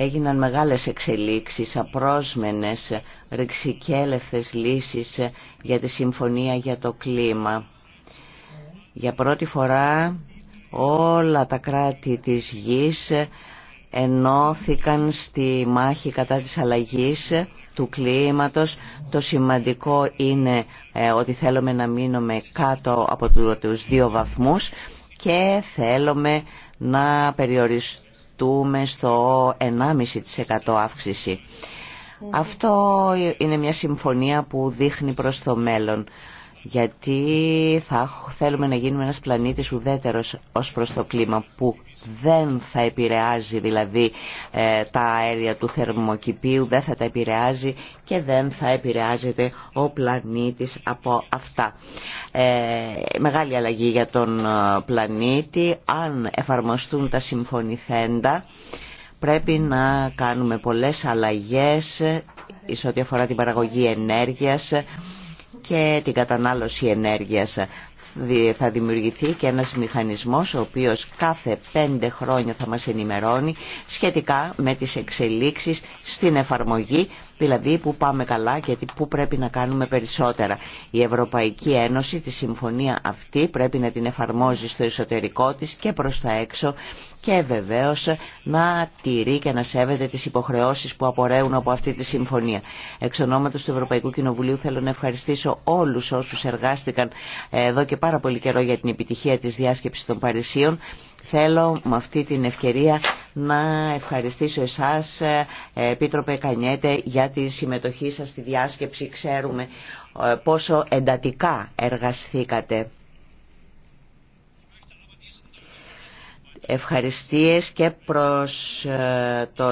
έγιναν μεγάλες εξελίξεις, απρόσμενες, ρηξικέλευθες λύσεις για τη Συμφωνία για το Κλίμα. Για πρώτη φορά όλα τα κράτη της γης ενώθηκαν στη μάχη κατά της αλλαγής του κλίματος. Το σημαντικό είναι ε, ότι θέλουμε να μείνουμε κάτω από τους δύο βαθμούς και θέλουμε να περιοριστούμε ζητούμε στο 1,5% αύξηση. Αυτό είναι μια συμφωνία που δείχνει προς το μέλλον γιατί θα θέλουμε να γίνουμε ένας πλανήτης ουδέτερος ως προς το κλίμα που δεν θα επηρεάζει δηλαδή ε, τα αέρια του θερμοκηπίου, δεν θα τα επηρεάζει και δεν θα επηρεάζεται ο πλανήτης από αυτά. Ε, μεγάλη αλλαγή για τον ε, πλανήτη, αν εφαρμοστούν τα συμφωνηθέντα πρέπει να κάνουμε πολλές αλλαγές σε ό,τι αφορά την παραγωγή ενέργειας, και την κατανάλωση ενέργειας. Θα δημιουργηθεί και ένας μηχανισμός ο οποίος κάθε πέντε χρόνια θα μας ενημερώνει σχετικά με τις εξελίξεις στην εφαρμογή δηλαδή που πάμε καλά και που πρέπει να κάνουμε περισσότερα. Η Ευρωπαϊκή Ένωση τη συμφωνία αυτή πρέπει να την εφαρμόζει στο εσωτερικό της και προς τα έξω και βεβαίως να τηρεί και να σέβεται τις υποχρεώσεις που απορρέουν από αυτή τη συμφωνία. Εξ ονόματος του Ευρωπαϊκού Κοινοβουλίου θέλω να ευχαριστήσω όλους όσους εργάστηκαν εδώ και πάρα πολύ καιρό για την επιτυχία της διάσκεψης των Παρισίων Θέλω με αυτή την ευκαιρία να ευχαριστήσω εσάς, ε, Επίτροπε Κανιέτε, για τη συμμετοχή σας στη διάσκεψη. Ξέρουμε ε, πόσο εντατικά εργασθήκατε. Ευχαριστίες και προς ε, το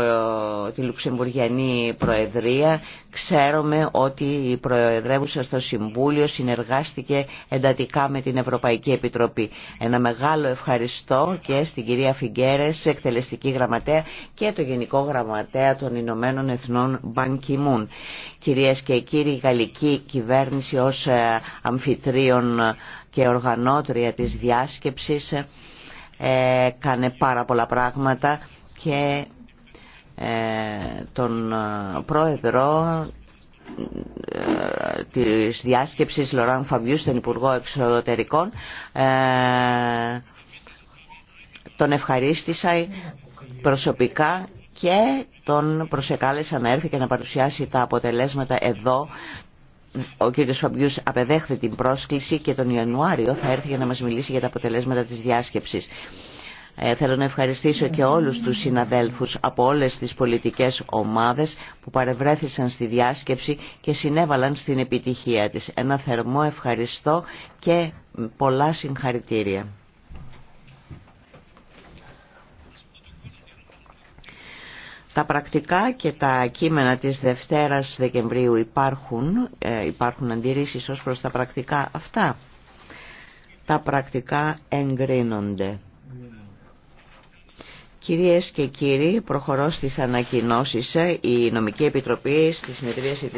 τη Λουξεμβουργιανή Προεδρία. Ξέρουμε ότι η Προεδρεύουσα στο Συμβούλιο συνεργάστηκε εντατικά με την Ευρωπαϊκή Επιτροπή. Ένα μεγάλο ευχαριστώ και στην κυρία Φιγκέρες, εκτελεστική γραμματέα και το Γενικό Γραμματέα των Ηνωμένων Εθνών Μπανκιμούν. Κυρίες και κύριοι, η γαλλική κυβέρνηση ως ε, αμφιτρίων και οργανώτρια της διάσκεψης ε, κάνε πάρα πολλά πράγματα και ε, τον ε, πρόεδρο ε, της διάσκεψης Λοράν Φαβιού στον Υπουργό Εξωτερικών τον ευχαρίστησα προσωπικά και τον προσεκάλεσα να έρθει και να παρουσιάσει τα αποτελέσματα εδώ ο κ. Φαμπιούς απεδέχθη την πρόσκληση και τον Ιανουάριο θα έρθει για να μας μιλήσει για τα αποτελέσματα της διάσκεψης. Ε, θέλω να ευχαριστήσω και όλους τους συναδέλφους από όλες τις πολιτικές ομάδες που παρευρέθησαν στη διάσκεψη και συνέβαλαν στην επιτυχία της. Ένα θερμό ευχαριστώ και πολλά συγχαρητήρια. Τα πρακτικά και τα κείμενα της Δευτέρας Δεκεμβρίου υπάρχουν, ε, υπάρχουν αντιρρήσεις ως προς τα πρακτικά αυτά. Τα πρακτικά εγκρίνονται. Κυρίες και κύριοι, προχωρώ στις ανακοινώσεις. Η Νομική Επιτροπή στη συνεδρίαση